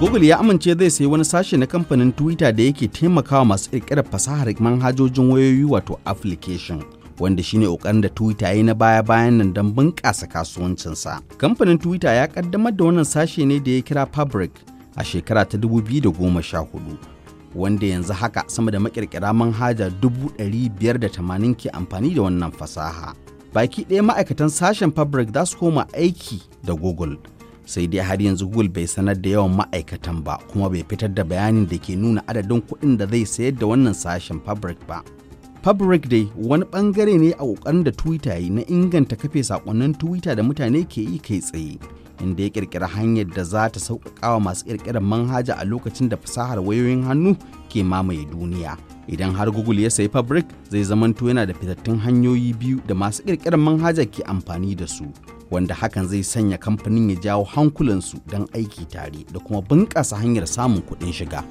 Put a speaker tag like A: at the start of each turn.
A: Google ya amince zai sayi wani sashe na kamfanin Twitter da yake taimakawa masu ƙirƙirar fasahar manhajojin wayoyi wato application. wanda shine ƙoƙarin da Twitter ya yi na baya-bayan nan don bunƙasa kasuwancinsa. Kamfanin Twitter ya ƙaddamar da wannan sashe ne da ya kira Fabric a shekara ta 2014, wanda yanzu haka sama da makirkira manhaja dubu 580 ke amfani da wannan fasaha. Baki ɗaya ma'aikatan sashen Fabric za su koma aiki da Google. sai dai har yanzu google bai sanar da yawan ma'aikatan ba kuma bai fitar da bayanin da ke nuna adadin kuɗin da zai sayar da wannan sashen fabric ba fabric dai wani bangare ne a ƙoƙarin da twitter yi na inganta kafe sakonnin twitter da mutane ke yi kai tsaye inda ya kirkira hanyar da za ta sauƙaƙa wa masu ƙirƙirar manhaja a lokacin da fasahar wayoyin hannu ke mamaye duniya idan har google ya sayi fabric zai zamanto yana da fitattun hanyoyi biyu da masu ƙirƙirar manhaja ke amfani da su wanda hakan zai sanya kamfanin ya jawo hankulansu don aiki tare da kuma bunƙasa hanyar samun kuɗin shiga.